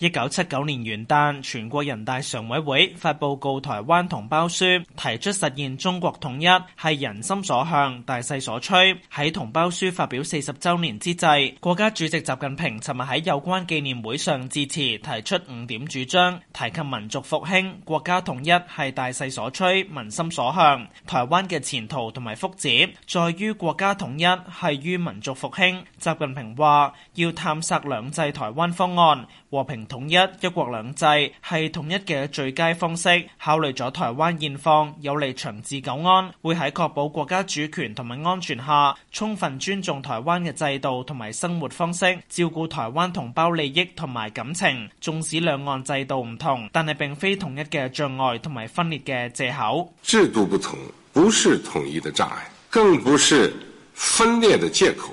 一九七九年元旦，全國人大常委會發佈《告台灣同胞書》，提出實現中國統一係人心所向、大勢所趨，喺《同胞書》發表四十周年之際，國家主席習近平尋日喺有關紀念會上致辭，提出五點主張，提及民族復興、國家統一係大勢所趨、民心所向。台灣嘅前途同埋福祉，在於國家統一，係於民族復興。習近平話要探索兩制台灣方案，和平。統一，一國兩制係統一嘅最佳方式，考慮咗台灣現況，有利長治久安，會喺確保國家主權同埋安全下，充分尊重台灣嘅制度同埋生活方式，照顧台灣同胞利益同埋感情。縱使兩岸制度唔同，但係並非統一嘅障礙同埋分裂嘅借口。制度不同，不是統一嘅障礙，更不是分裂嘅借口。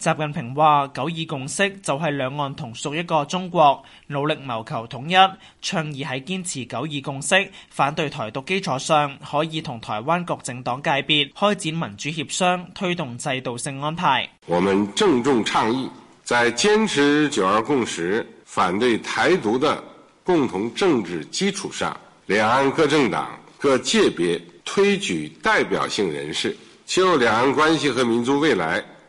習近平話：九二共識就係兩岸同屬一個中國，努力謀求統一。倡議喺堅持九二共識、反對台獨基礎上，可以同台灣各政黨界別開展民主協商，推動制度性安排。我們鄭重倡議，在堅持九二共識、反對台獨的共同政治基礎上，兩岸各政黨各界別推舉代表性人士，就兩岸關係和民族未來。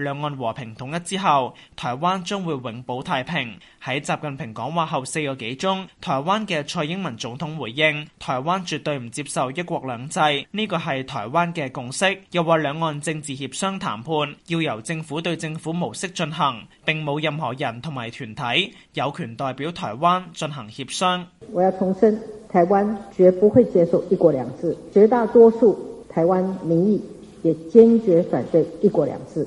兩岸和平統一之後，台灣將會永保太平。喺習近平講話後四個幾鐘，台灣嘅蔡英文總統回應：台灣絕對唔接受一國兩制，呢個係台灣嘅共識。又話兩岸政治協商談判要由政府對政府模式進行，並冇任何人同埋團體有權代表台灣進行協商。我要重申，台灣絕不會接受一國兩制，絕大多數台灣民意也堅決反對一國兩制。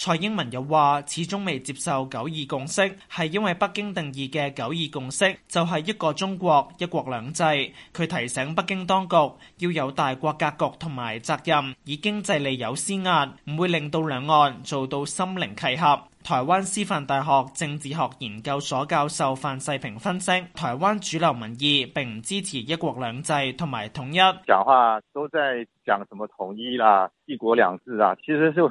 蔡英文又話：始終未接受九二共識，係因為北京定義嘅九二共識就係，是，一個中國一國兩制。佢提醒北京當局要有大國格局同埋責任，以經濟利有施壓，唔會令到兩岸做到心靈契合。台灣師範大學政治學研究所教授范世平分析：台灣主流民意並唔支持一國兩制同埋統一。講話都在講什麼統一啦，啊、一國兩制啊，其實就。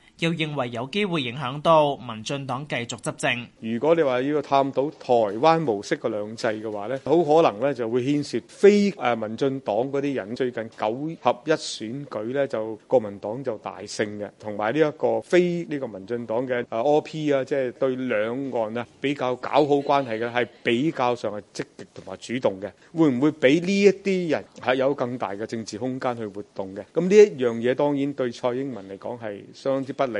要認為有機會影響到民進黨繼續執政。如果你話要探討台灣模式嘅兩制嘅話呢，好可能呢，就會牽涉非誒民進黨嗰啲人。最近九合一選舉呢，就國民黨就大勝嘅，同埋呢一個非呢個民進黨嘅誒 OP 啊，即係對兩岸啊比較搞好關係嘅，係比較上係積極同埋主動嘅。會唔會俾呢一啲人係有更大嘅政治空間去活動嘅？咁呢一樣嘢當然對蔡英文嚟講係相當之不。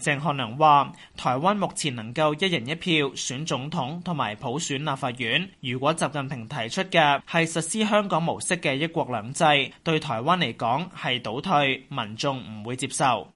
鄭漢良話：台灣目前能夠一人一票選總統同埋普選立法院。如果習近平提出嘅係實施香港模式嘅一國兩制，對台灣嚟講係倒退，民眾唔會接受。